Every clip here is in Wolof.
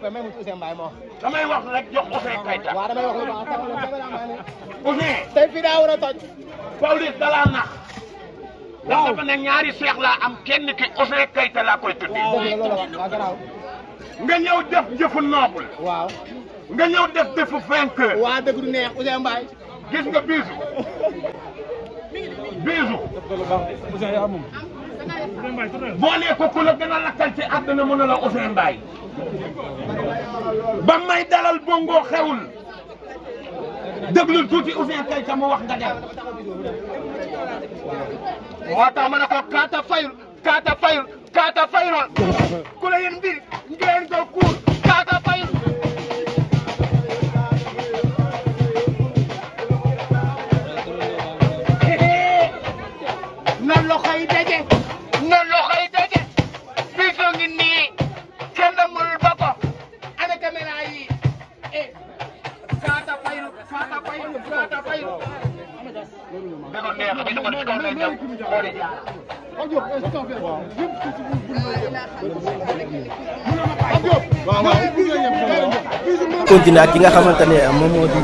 koy may mu Ousseyn Mbaye moo damay wax rek jox Ousseyn Kayta waaw tey fii daa war a toj Pawlish dalaa nax ndax ñaari seex laa am kenn ki Kayta laa koy tuddee nga ñëw def jëfu noble waaw nga ñëw def jëfu vainqueur waa dëgg du neex Ousseyn Mbaye gis nga biisu biisu boo nee ko ku la gën a lakkal ci àdduna mën a la Ousmane Mbaye ba may dalal bongo xewul déglul tuuti Ousmane kay ta mu wax nga dem moo tax ma ne ko kaata fayul kaata fayul ku la yéen mbir ngeen ko kuur dem xooli ak ki nga xamante ne moom moo di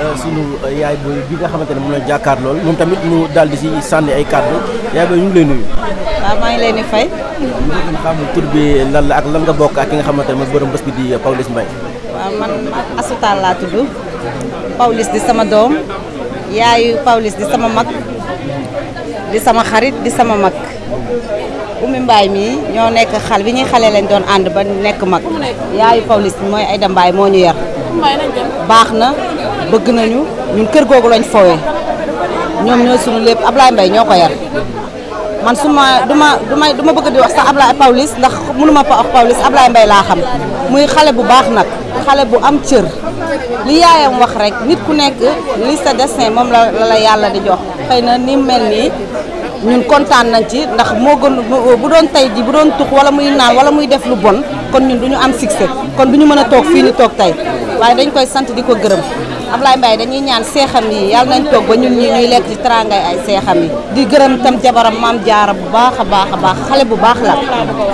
euh, sunu euh, yaay booy bi nga xamante ne moom la jàkkaar lool moom tamit mu daal di si sànni ay kàddu yaay booy ñu ngi lay nuyu. waaw maa ngi leen di fay. ñu ngi xam tur la ak lan nga bokk ak ki nga xamante ne mooy borom bi di Pawlish Mbaye. waaw man Asoutal laa tudd Pawlish di sama doom. yaayu Pawlish di sama mag di sama xarit di sama mag Oumy Mbaye mii ñoo nekk xal bi ñuy xale lañ doon ànd ba nekk mag yaayu Pawlish bi mooy Aïda Mbaye moo ñu yar baax na bëgg nañu ñun kër googu lañ fowee ñoom ñoo suñu lépp Ablaye Mbaye ñoo ko yar man su ma du ma du ma du ma bëgg di wax sax Ablaye Pawlish ndax mënuma pa wax ab Ablaye mbay laa xam muy xale bu baax nag xale bu am cër li yaayam wax rek nit ku nekk li sa destin moom la la yàlla di jox xëy na ni mel nii ñun kontaan nañ ci ndax moo gën bu doon tey ji bu doon tux wala muy naan wala muy def lu bon kon ñun du ñu am succès kon bu ñu mën a toog fii ni toog tey waaye dañ koy sant di ko gërëm Ablaye Mbaye dañuy ñaan seexam yi yàlla nañ toog ba ñun ñi ñuy lekk ci teraangay ay seexam yi di gërëm tam jabaram maam jaara bu baax a baax a baax xale bu baax la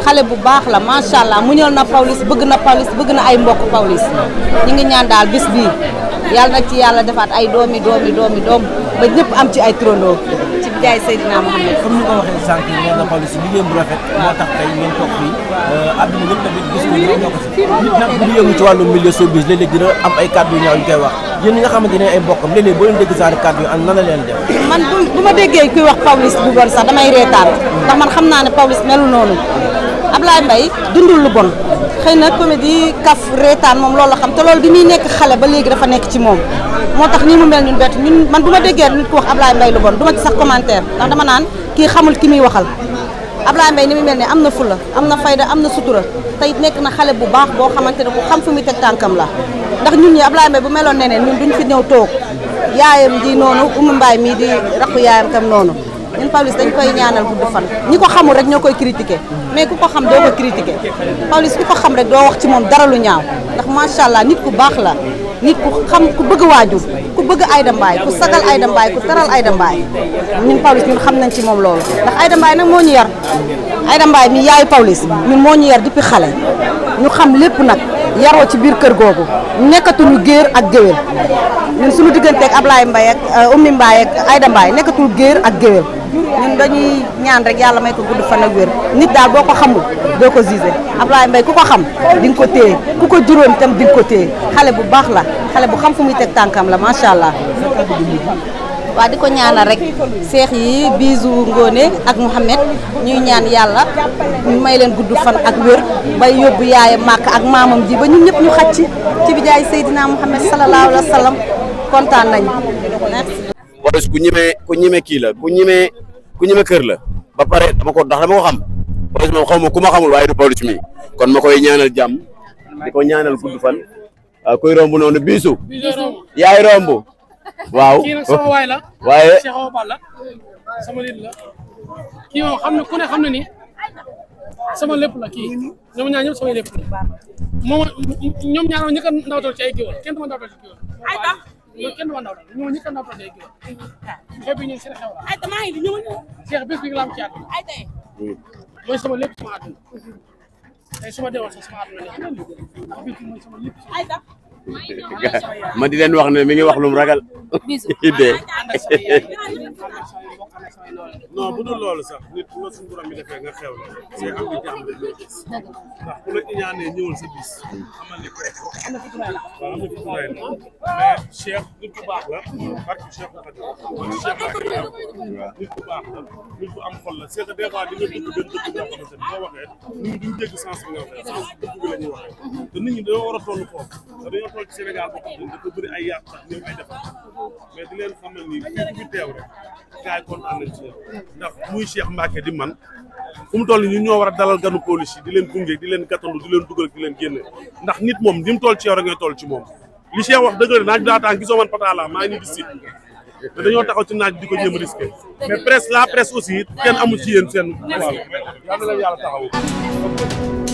xale bu baax la macha allah muñal na Pawlish bëgg na Pawlish bëgg na ay mbokk Pawlish ñi ngi ñaan daal bis bii yàlla na ci yàlla defaat ay doomi doomi doomi doom ba ñëpp am ci ay turandoo jaay Seydina Mouhamed comme ni ko waxee sànq moom la xool si liggéey bu rafet moo tax tey ngeen toog fii àdduna euh, yëpp tamit gis ko ñoo ko si nit bu yëngu ci wàllu milieu showbiz léeg-léeg dina am ay kàddu ñaaw ñu koy wax yéen ñi nga xamante ne ay mbokkam léeg boo leen dégg saa kàddu yi an nan leen def man bu ma déggee kuy wax Pawlish bu bon sax damay reetaan ndax man xam naa ne Pawlish melu noonu Ablaye Mbaye dundul lu bon xëy na comédie kaf reetaan moom loolu la xam te loolu bi muy nekk xale ba léegi dafa nekk ci moom moo tax nii mu mel ñun bett ñun man bu ma déggee nit ku wax Ablaye Mbaye lu bon du ma ci sax commentaire ndax dama naan kii xamul ki muy waxal Ablaye Mbaye ni mu mel ne am na fulla am na fayda am na sutura tey nekk na xale bu baax boo xamante ne ku xam fu muy teg tànkam la ndax ñun ñi Ablaye Mbaye bu meloon ne neneen ñun duñ fi ñëw toog yaayam ji noonu umu mbaay mii di raqu yaayam tam noonu ñun Pawlish dañ koy ñaanal gudd fan ñi ko xamul rek ñoo koy critiquer mais ku ko xam doo ko critiqué Pawlish ku ko xam rek doo wax ci moom dara lu ñaaw ndax macha allah nit ku baax la nit ku xam ku bëgg waajur ku bëgg Aïda Mbaye ku sagal Aïda Mbaye ku taral Aïda Mbaye ñun Pawlish ñun xam nañ ci moom loolu ndax Aïda Mbaye nag moo ñu yar Aïda Mbaye mi yaayu Pawlish ñun moo ñu yar depuis xale ñu xam lépp nag yaroo ci biir kër googu nekkatuñu géer ak géwél ñun suñu digganteeg Ablaye Mbaye ak euh, Oumy Mbaye ak Aïda Mbaye nekkatul géer ak géwél ñun dañuy ñaan rek yàlla may ko gudd fan ak wér nit daal boo ko xamul doo ko gisé Ablaye Mbaye ku ko xam di nga ko téye ku ko juróom itam di nga ko téye xale bu baax la xale bu xam fu muy teg tànkam la macha allah. waaw di ko ñaanal rek seex yi bisu Ngone ak Mouhamed ñuy ñaan yàlla may leen gudd fan ak wér bay yóbbu yaayam màkk ak maamam ji ba ñun ñëpp ñu xacc ci bi jaay Seydina Mouhamed sallallahu alayhi wa sallam kontaan nañ Pawlish ku ñemee ku kii la ku ñemee ku ñemee kër la ba pare dama ko ndax dama xam Pawlish ma ku ma xamul waaye du Pawlish mi kon ma koy ñaanal jàmm di ko ñaanal gudd fan ah, koy romb noonu biisu yaay romb waaw waaye kii moom xam na sama lépp la kii sama lépp la moom ñoom ñaar ñi ko ndawtal ci ay loolu kenn wa ndaw la ñu ñu kan na projet gi xew bi ñu seen xew la ay ta maa ngi ñu ñu cheikh bés bi lam ci at ay tay mooy sama lépp sama àdduna tey suma deewoon sama àdduna ay ta ma di leen wax ne mi ngi wax lum ragal. idée. non bu dul loolu sax nit bu la suñu borom bi defee sa xool ci Sénégal mais di leen xamal ni fii bu teew rek gars yi kontaan nañ ci ndax muy Cheikh Mbacke di man fu mu toll ñoo war a dalal ganu police yi di leen gunge di leen gàttandu di leen dugal di leen génne ndax nit moom ni mu toll ci yow rek ngay toll ci moom li Cheikh wax dëgg la naaj bi daa tàng gisoo man Fataala maa ngi nii di sit dañoo taxaw ci naaj bi di ko jéem risqué mais presse la presse aussi kenn amu ci yéen seen wàll na leen yàlla